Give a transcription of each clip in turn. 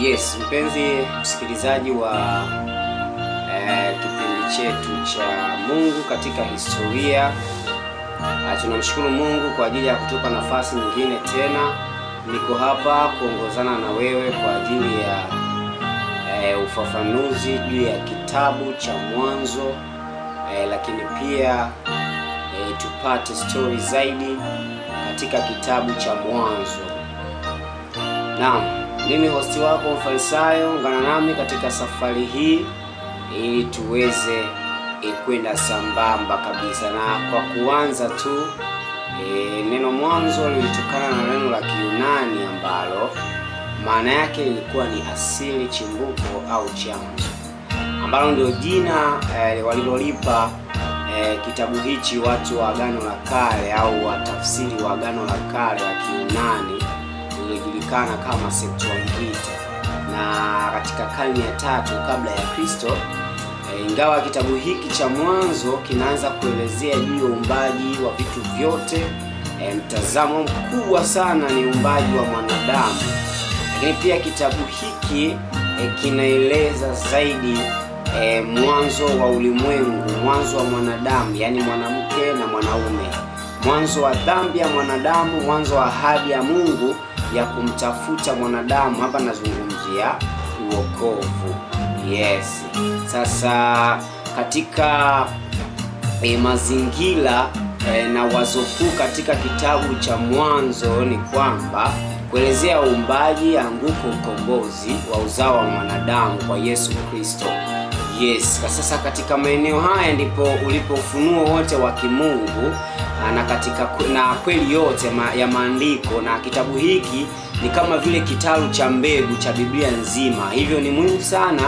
Yes, mpenzi msikilizaji wa eh, kipindi chetu cha Mungu katika historia. ah, tunamshukuru Mungu kwa ajili ya kutupa nafasi nyingine tena. Niko hapa kuongozana na wewe kwa ajili ya eh, ufafanuzi juu ya kitabu cha Mwanzo eh, lakini pia eh, tupate stori zaidi katika kitabu cha Mwanzo. Naam. Mimi hosti wako Mfarisayo, ungana nami katika safari hii ili tuweze e, kwenda sambamba kabisa, na kwa kuanza tu e, neno mwanzo lilitokana na neno la Kiunani ambalo maana yake ilikuwa ni asili, chimbuko au chanzo, ambalo ndio jina e, walilolipa e, kitabu hichi watu wa Agano la Kale au watafsiri wa Agano la Kale la Kiunani inajulikana kama Septuaginta, na katika karne ya tatu kabla ya Kristo. E, ingawa kitabu hiki cha Mwanzo kinaanza kuelezea juu ya uumbaji wa vitu vyote, e, mtazamo mkubwa sana ni uumbaji wa mwanadamu, lakini pia kitabu hiki e, kinaeleza zaidi e, mwanzo wa ulimwengu, mwanzo wa mwanadamu, yaani mwanamke na mwanaume, mwanzo wa dhambi ya mwanadamu, mwanzo wa ahadi ya Mungu ya kumtafuta mwanadamu. Hapa nazungumzia uokovu. Yes. Sasa katika e, mazingira e, na wazo kuu katika kitabu cha Mwanzo ni kwamba kuelezea uumbaji, anguko, ukombozi wa uzao wa mwanadamu kwa Yesu Kristo. Yes, kwa sasa katika maeneo haya ndipo ulipo ufunuo wote wa kimungu ah, na katika na kweli yote ya maandiko na kitabu hiki ni kama vile kitalu cha mbegu cha Biblia nzima. Hivyo ni muhimu sana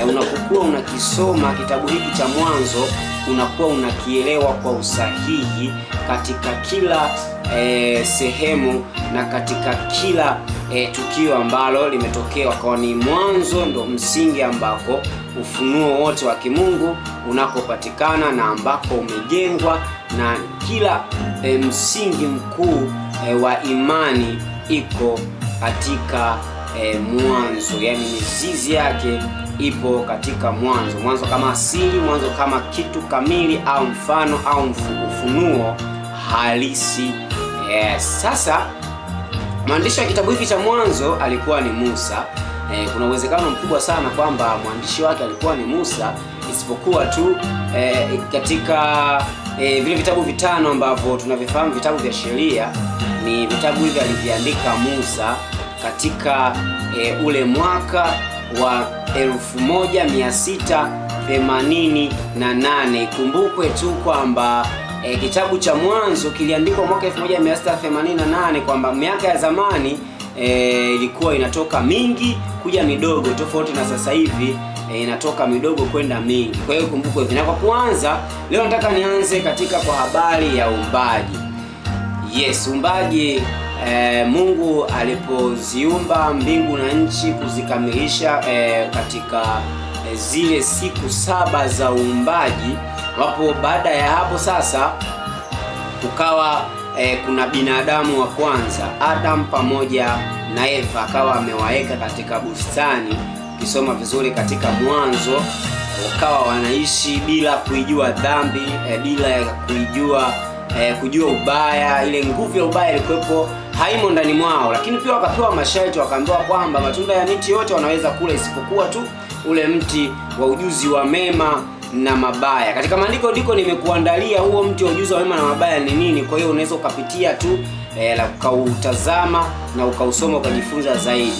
eh, unapokuwa unakisoma kitabu hiki cha Mwanzo, unakuwa unakielewa kwa usahihi katika kila e, sehemu na katika kila e, tukio ambalo limetokea, kwa ni mwanzo ndo msingi ambako ufunuo wote wa kimungu unakopatikana na ambako umejengwa na kila e, msingi mkuu e, wa imani iko katika e, mwanzo, yaani mizizi yake ipo katika mwanzo. Mwanzo kama asili, mwanzo kama kitu kamili au mfano au ufunuo halisi. E, sasa mwandishi wa kitabu hiki cha Mwanzo alikuwa ni Musa. E, kuna uwezekano mkubwa sana kwamba mwandishi wake alikuwa ni Musa isipokuwa tu e, katika e, vile vitabu vitano ambavyo tunavifahamu vitabu vya sheria ni vitabu hivi aliviandika Musa katika e, ule mwaka wa 1688. Ikumbukwe tu kwamba e, kitabu cha Mwanzo kiliandikwa mwaka 1688, kwamba miaka ya zamani e, ilikuwa inatoka mingi kuja midogo, tofauti na sasa hivi e, inatoka midogo kwenda mingi. Kwa hiyo kumbukwe hivi, na kwa kwanza leo nataka nianze katika kwa habari ya uumbaji. Yes, uumbaji e, Mungu alipoziumba mbingu na nchi kuzikamilisha e, katika e, zile siku saba za uumbaji, ambapo baada ya hapo sasa kukawa e, kuna binadamu wa kwanza Adam pamoja na Eva akawa amewaweka katika bustani ukisoma vizuri katika Mwanzo, wakawa wanaishi bila kuijua dhambi e, bila kuijua e, kujua ubaya. Ile nguvu ya ubaya ilikuwepo haimo ndani mwao, lakini pia wakapewa masharti, wakaambiwa kwamba matunda ya miti yote wanaweza kula isipokuwa tu ule mti wa ujuzi wa mema na mabaya. Katika maandiko ndiko nimekuandalia huo mti wa ujuzi wa mema na mabaya ni nini. Kwa hiyo unaweza ukapitia tu e, eh, la ukautazama na ukausoma ukajifunza zaidi.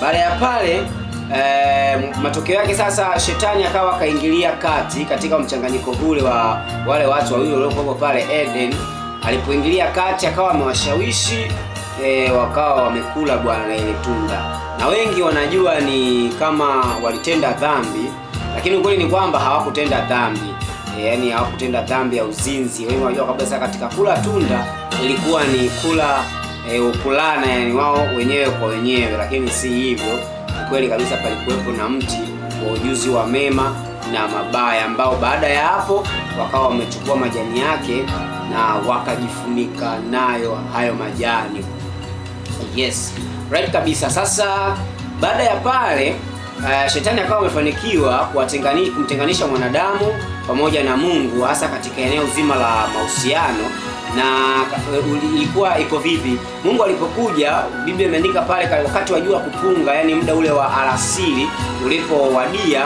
Baada ya pale E, matokeo yake sasa shetani akawa akaingilia kati katika mchanganyiko ule wa wale watu wawili waliokuwa pale Eden. Alipoingilia kati akawa amewashawishi e, wakawa wamekula bwana na ile tunda, na wengi wanajua ni kama walitenda dhambi, lakini ukweli ni kwamba hawakutenda dhambi e, yani hawakutenda dhambi ya uzinzi. Wengi wanajua kabisa katika kula tunda ilikuwa ni kula e, ukulana, yani wao wenyewe kwa wenyewe, lakini si hivyo kweli kabisa palikuwepo na mti wa ujuzi wa mema na mabaya, ambao baada ya hapo wakawa wamechukua majani yake na wakajifunika nayo hayo majani. Yes, right kabisa. Sasa baada ya pale Uh, shetani akawa amefanikiwa kumtenganisha mwanadamu pamoja na Mungu hasa katika eneo zima la mahusiano na eh, ilikuwa iko vipi? Mungu alipokuja, Biblia imeandika pale wakati wa jua kupunga, yani muda ule wa alasiri ulipowadia